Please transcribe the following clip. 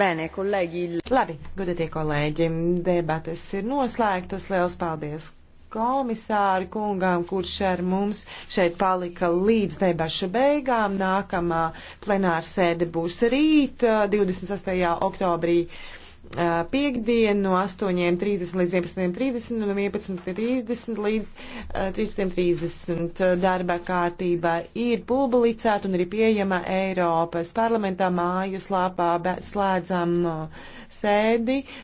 Bene, kolēģi. Labi, godatie kolēģi, debates ir noslēgtas. Liels paldies komisāri kungām, kurš ar mums šeit palika līdz debašu beigām. Nākamā plenārsēde būs rīt, 28. oktobrī piekdienu no 8.30 līdz 11.30 un no 11.30 līdz 13.30. Darba kārtība ir publicēta un arī pieejama Eiropas parlamentā mājaslapā. Slēdzam sēdi.